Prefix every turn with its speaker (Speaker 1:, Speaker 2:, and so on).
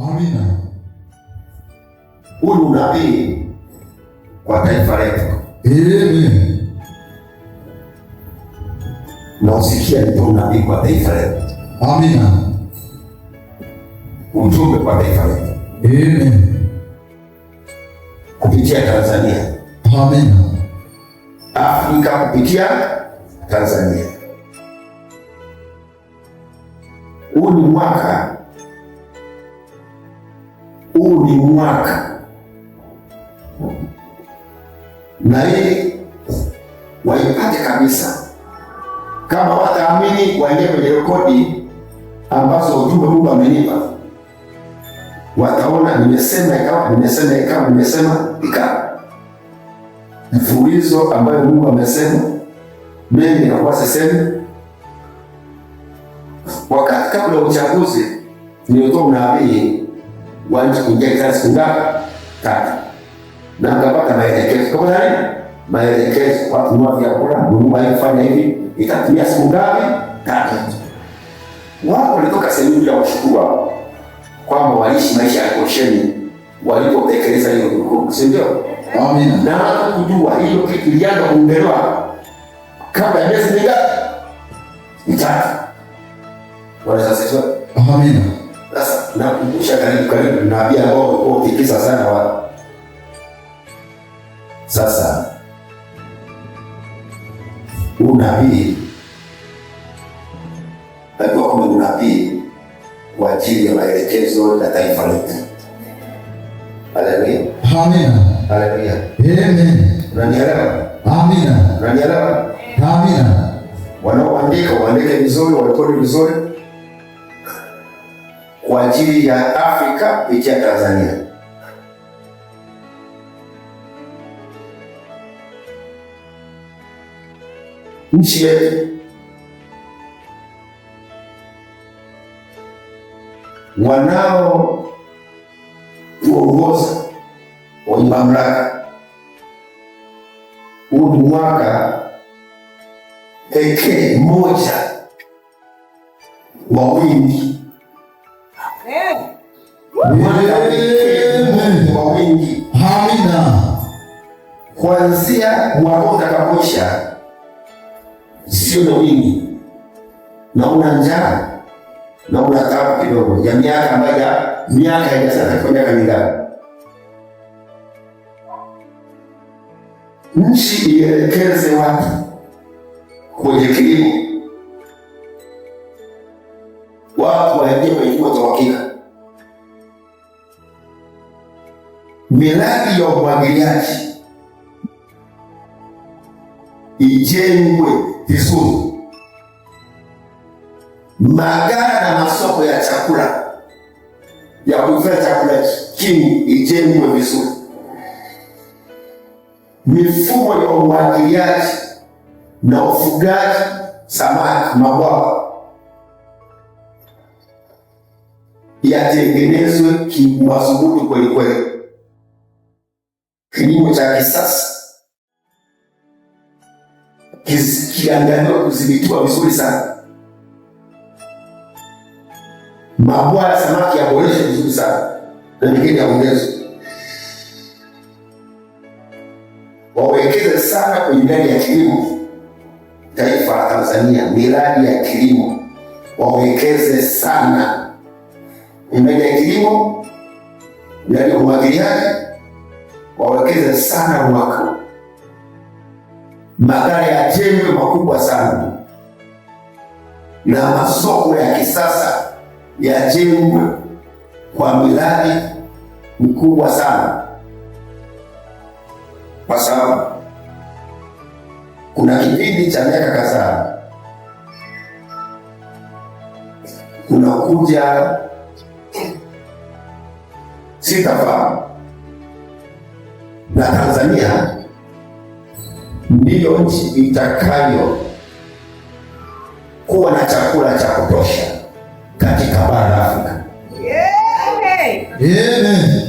Speaker 1: Amina.
Speaker 2: Huyu unabii kwa taifa letu nausikia, ndio unabii kwa taifa letu. Amina. Ujumbe kwa taifa letu kupitia Tanzania. Amina. Afrika kupitia Tanzania. Huu ni mwaka huu ni mwaka na hii waipate kabisa, kama wataamini waingie kwenye rekodi ambazo ujumbe Mungu amenipa, wataona nimesema ikawa, nimesema ikawa, nimesema ikawa, Mfulizo ambayo Mungu amesema, mimi nakuwa sisemi. Wakati kabla ya uchaguzi nilitoa unabii wa nchi kuingia kizazi siku ngapi? Tatu. Na akapata maelekezo kama nani? Maelekezo kwa kununua vyakula, huduma hii kufanya hivi, itatumia siku ngapi? Tatu. Wao walitoka sehemu ya kushukuru kwamba waishi maisha ya kosheni walipotekeleza hiyo hukumu, si ndio? Amina. Na kujua hiyo kitu ilianza kuondolewa kabla ya miezi mingapi? Mitatu. Wanaweza sasa. Amina nakumbusha karibu karibu, naambia ambao walikuwa ukikiza sana watu. Sasa unabii alikuwa kama unabii kwa ajili ya maelekezo ya taifa letu. Haleluya, amina, haleluya,
Speaker 1: amen.
Speaker 2: Unanielewa?
Speaker 1: Amina,
Speaker 2: unanielewa?
Speaker 1: Amina.
Speaker 2: Wanaoandika waandike vizuri, warekodi vizuri kwa ajili ya Afrika kupitia Tanzania. Nchi yetu wanaotuongoza wenye mamlaka, huu ni mwaka pekee moja wa wingi kwa wingi.
Speaker 1: Amina.
Speaker 2: Kuanzia mwaka utakapoisha, sio na wingi, na njaa na una taabu kidogo ya miaka ambayo miaka haijasafika miaka mingapi? Nchi ielekeze watu kwenye kilimo miradi ya umwagiliaji ijengwe vizuri, magara na masoko ya chakula ya kuhifadhi chakula kimu ijengwe vizuri, mifumo ya umwagiliaji na ufugaji samaki, mabwawa yatengenezwe kimadhubuti kwelikweli kilimo cha kisasa kiandaliwa kudhibitiwa vizuri sana, mabwawa ya samaki yaboreshe vizuri sana na mengine yaongezwa. wawekeze sana kwenye miradi ya kilimo. Taifa la Tanzania, miradi ya kilimo wawekeze sana, miradi ya kilimo, miradi ya umwagiliaji wawekeze sana wako. Magara yajengwe makubwa sana na masoko ya kisasa yajengwe kwa miradi mkubwa sana, kwa sababu kuna kipindi cha miaka kadhaa kuna kuja sitafahamu na Tanzania ndiyo nchi itakayo kuwa na chakula cha kutosha katika bara la Afrika.
Speaker 1: Yeah, okay.
Speaker 2: Yeah,